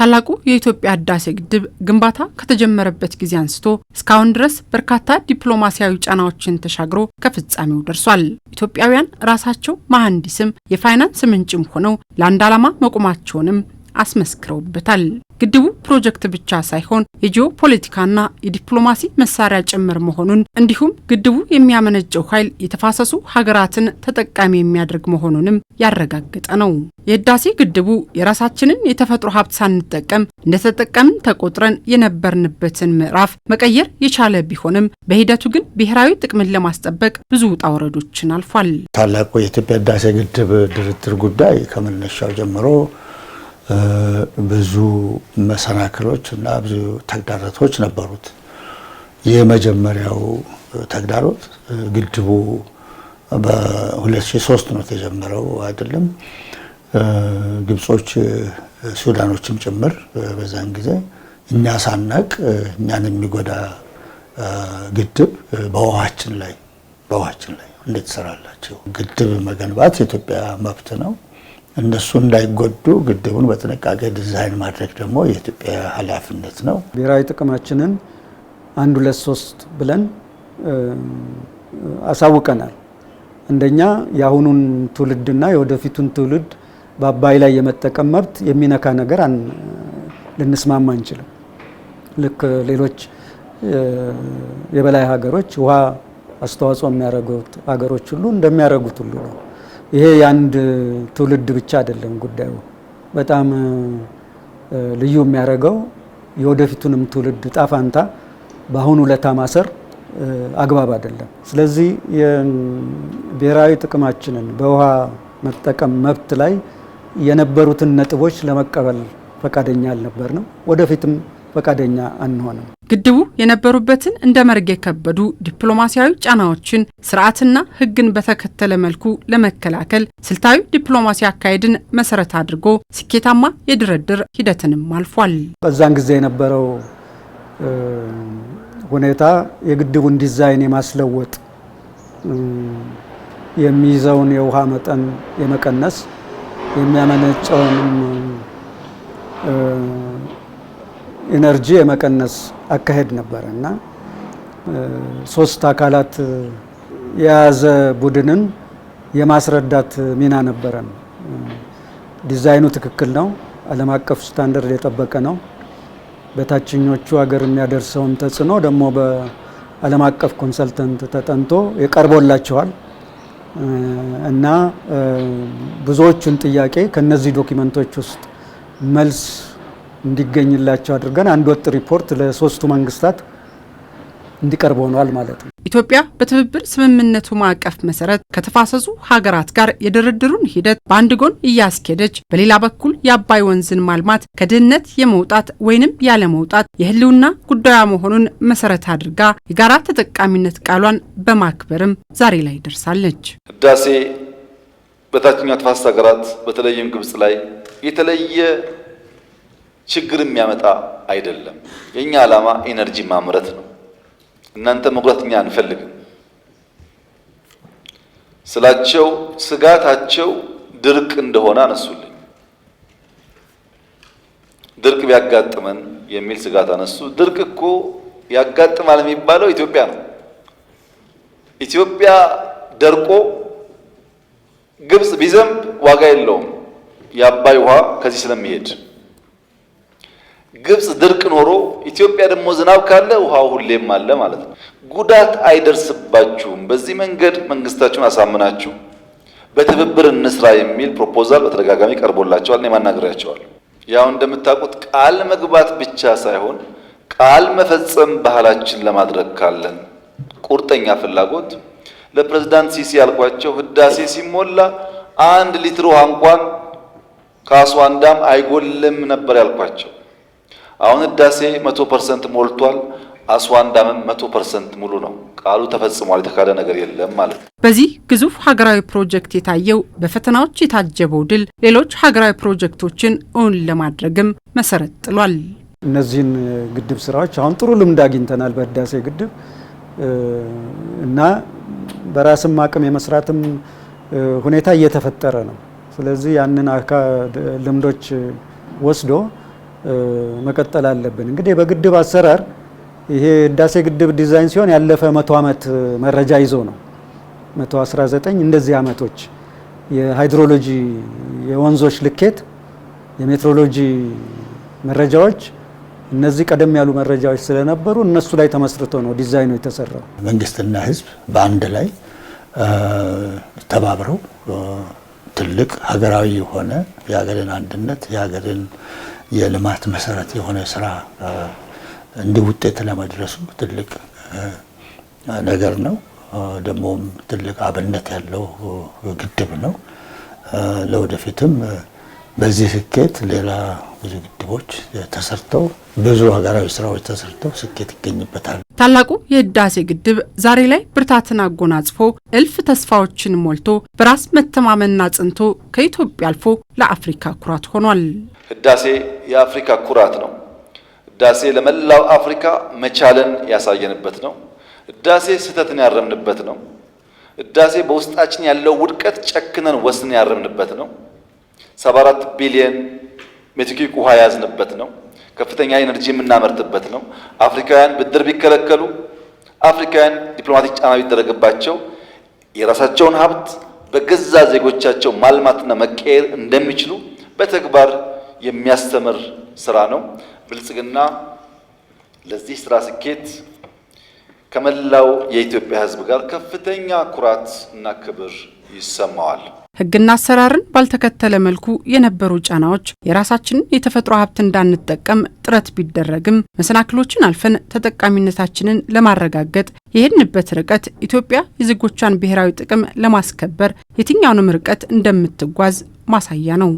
ታላቁ የኢትዮጵያ ህዳሴ ግድብ ግንባታ ከተጀመረበት ጊዜ አንስቶ እስካሁን ድረስ በርካታ ዲፕሎማሲያዊ ጫናዎችን ተሻግሮ ከፍጻሜው ደርሷል። ኢትዮጵያውያን ራሳቸው መሐንዲስም የፋይናንስ ምንጭም ሆነው ለአንድ ዓላማ መቆማቸውንም አስመስክረውበታል። ግድቡ ፕሮጀክት ብቻ ሳይሆን የጂኦ ፖለቲካና የዲፕሎማሲ መሳሪያ ጭምር መሆኑን እንዲሁም ግድቡ የሚያመነጨው ኃይል የተፋሰሱ ሀገራትን ተጠቃሚ የሚያደርግ መሆኑንም ያረጋገጠ ነው። የህዳሴ ግድቡ የራሳችንን የተፈጥሮ ሀብት ሳንጠቀም እንደተጠቀምን ተቆጥረን የነበርንበትን ምዕራፍ መቀየር የቻለ ቢሆንም በሂደቱ ግን ብሔራዊ ጥቅምን ለማስጠበቅ ብዙ ውጣ ውረዶችን አልፏል። ታላቁ የኢትዮጵያ ህዳሴ ግድብ ድርድር ጉዳይ ከመነሻው ጀምሮ ብዙ መሰናክሎች እና ብዙ ተግዳሮቶች ነበሩት። የመጀመሪያው ተግዳሮት ግድቡ በ2003 ነው የተጀመረው አይደለም። ግብጾች፣ ሱዳኖችም ጭምር በዛን ጊዜ እኛ ሳናቅ እኛን የሚጎዳ ግድብ በውሃችን ላይ በውሃችን ላይ እንዴት ትሰራላችሁ? ግድብ መገንባት የኢትዮጵያ መብት ነው። እነሱ እንዳይጎዱ ግድቡን በጥንቃቄ ዲዛይን ማድረግ ደግሞ የኢትዮጵያ ኃላፊነት ነው። ብሔራዊ ጥቅማችንን አንድ ሁለት ሶስት ብለን አሳውቀናል። አንደኛ የአሁኑን ትውልድና የወደፊቱን ትውልድ በአባይ ላይ የመጠቀም መብት የሚነካ ነገር ልንስማማ አንችልም። ልክ ሌሎች የበላይ ሀገሮች ውሃ አስተዋጽኦ የሚያደርጉት ሀገሮች ሁሉ እንደሚያደርጉት ሁሉ ነው። ይሄ የአንድ ትውልድ ብቻ አይደለም ጉዳዩ። በጣም ልዩ የሚያደርገው የወደፊቱንም ትውልድ ጣፋንታ በአሁኑ ለታ ማሰር አግባብ አይደለም። ስለዚህ የብሔራዊ ጥቅማችንን በውሃ መጠቀም መብት ላይ የነበሩትን ነጥቦች ለመቀበል ፈቃደኛ አልነበርንም። ወደፊትም ፈቃደኛ አንሆንም። ግድቡ የነበሩበትን እንደ መርግ የከበዱ ዲፕሎማሲያዊ ጫናዎችን ስርዓትና ሕግን በተከተለ መልኩ ለመከላከል ስልታዊ ዲፕሎማሲ አካሄድን መሰረት አድርጎ ስኬታማ የድርድር ሂደትንም አልፏል። በዛን ጊዜ የነበረው ሁኔታ የግድቡን ዲዛይን የማስለወጥ የሚይዘውን የውሃ መጠን የመቀነስ የሚያመነጨውንም ኢነርጂ የመቀነስ አካሄድ ነበረ እና ሶስት አካላት የያዘ ቡድንን የማስረዳት ሚና ነበረን። ዲዛይኑ ትክክል ነው፣ ዓለም አቀፍ ስታንደርድ የጠበቀ ነው። በታችኞቹ ሀገር የሚያደርሰውን ተጽዕኖ ደግሞ በዓለም አቀፍ ኮንሰልተንት ተጠንቶ የቀርቦላቸዋል እና ብዙዎቹን ጥያቄ ከነዚህ ዶኪመንቶች ውስጥ መልስ እንዲገኝላቸው አድርገን አንድ ወጥ ሪፖርት ለሶስቱ መንግስታት እንዲቀርብ ሆኗል ማለት ነው። ኢትዮጵያ በትብብር ስምምነቱ ማዕቀፍ መሰረት ከተፋሰሱ ሀገራት ጋር የድርድሩን ሂደት በአንድ ጎን እያስኬደች፣ በሌላ በኩል የአባይ ወንዝን ማልማት ከድህነት የመውጣት ወይንም ያለመውጣት የህልውና ጉዳዩ መሆኑን መሰረት አድርጋ የጋራ ተጠቃሚነት ቃሏን በማክበርም ዛሬ ላይ ደርሳለች። ህዳሴ በታችኛው ተፋሰስ ሀገራት በተለይም ግብጽ ላይ የተለየ ችግር የሚያመጣ አይደለም። የእኛ ዓላማ ኤነርጂ ማምረት ነው። እናንተ መጉዳት እኛ አንፈልግም ስላቸው ስጋታቸው ድርቅ እንደሆነ አነሱልኝ። ድርቅ ቢያጋጥመን የሚል ስጋት አነሱ። ድርቅ እኮ ያጋጥማል የሚባለው ኢትዮጵያ ነው። ኢትዮጵያ ደርቆ ግብፅ ቢዘንብ ዋጋ የለውም። የአባይ ውሃ ከዚህ ስለሚሄድ ግብጽ ድርቅ ኖሮ ኢትዮጵያ ደግሞ ዝናብ ካለ ውሃው ሁሌም አለ ማለት ነው። ጉዳት አይደርስባችሁም፣ በዚህ መንገድ መንግስታችሁን አሳምናችሁ በትብብር እንስራ የሚል ፕሮፖዛል በተደጋጋሚ ቀርቦላቸዋል። እኔ ማናገሪያቸዋል። ያው እንደምታውቁት ቃል መግባት ብቻ ሳይሆን ቃል መፈጸም ባህላችን ለማድረግ ካለን ቁርጠኛ ፍላጎት ለፕሬዝዳንት ሲሲ ያልኳቸው ህዳሴ ሲሞላ አንድ ሊትር ውሃ እንኳን ከአስዋን አንዳም አይጎልም ነበር ያልኳቸው አሁን ህዳሴ መቶ ፐርሰንት ሞልቷል። አስዋን ዳምም መቶ ፐርሰንት ሙሉ ነው። ቃሉ ተፈጽሟል። የተካደ ነገር የለም ማለት ነው። በዚህ ግዙፍ ሀገራዊ ፕሮጀክት የታየው በፈተናዎች የታጀበው ድል ሌሎች ሀገራዊ ፕሮጀክቶችን እውን ለማድረግም መሰረት ጥሏል። እነዚህን ግድብ ስራዎች አሁን ጥሩ ልምድ አግኝተናል በህዳሴ ግድብ እና በራስም አቅም የመስራትም ሁኔታ እየተፈጠረ ነው። ስለዚህ ያንን ልምዶች ወስዶ መቀጠል አለብን። እንግዲህ በግድብ አሰራር ይሄ ህዳሴ ግድብ ዲዛይን ሲሆን ያለፈ መቶ ዓመት መረጃ ይዞ ነው። 119 እንደዚህ ዓመቶች የሃይድሮሎጂ የወንዞች ልኬት፣ የሜትሮሎጂ መረጃዎች እነዚህ ቀደም ያሉ መረጃዎች ስለነበሩ እነሱ ላይ ተመስርቶ ነው ዲዛይኑ የተሰራው። መንግስትና ህዝብ በአንድ ላይ ተባብረው ትልቅ ሀገራዊ የሆነ የሀገርን አንድነት የሀገርን የልማት መሰረት የሆነ ስራ እንዲህ ውጤት ለመድረሱ ትልቅ ነገር ነው። ደግሞም ትልቅ አብነት ያለው ግድብ ነው። ለወደፊትም በዚህ ስኬት ሌላ ብዙ ግድቦች ተሰርተው ብዙ ሀገራዊ ስራዎች ተሰርተው ስኬት ይገኝበታል። ታላቁ የህዳሴ ግድብ ዛሬ ላይ ብርታትን አጎናጽፎ እልፍ ተስፋዎችን ሞልቶ በራስ መተማመንና ጽንቶ ከኢትዮጵያ አልፎ ለአፍሪካ ኩራት ሆኗል። ህዳሴ የአፍሪካ ኩራት ነው። ህዳሴ ለመላው አፍሪካ መቻለን ያሳየንበት ነው። ህዳሴ ስህተትን ያረምንበት ነው። ህዳሴ በውስጣችን ያለው ውድቀት ጨክነን ወስን ያረምንበት ነው። 74 ቢሊየን ሜትሪክ ውሃ የያዝንበት ነው። ከፍተኛ ኤነርጂ የምናመርትበት ነው። አፍሪካውያን ብድር ቢከለከሉ፣ አፍሪካውያን ዲፕሎማቲክ ጫና ቢደረግባቸው የራሳቸውን ሀብት በገዛ ዜጎቻቸው ማልማትና መቀየር እንደሚችሉ በተግባር የሚያስተምር ስራ ነው። ብልጽግና ለዚህ ስራ ስኬት ከመላው የኢትዮጵያ ሕዝብ ጋር ከፍተኛ ኩራት እና ክብር ይሰማዋል። ህግና አሰራርን ባልተከተለ መልኩ የነበሩ ጫናዎች የራሳችንን የተፈጥሮ ሀብት እንዳንጠቀም ጥረት ቢደረግም መሰናክሎችን አልፈን ተጠቃሚነታችንን ለማረጋገጥ የሄድንበት ርቀት ኢትዮጵያ የዜጎቿን ብሔራዊ ጥቅም ለማስከበር የትኛውንም ርቀት እንደምትጓዝ ማሳያ ነው።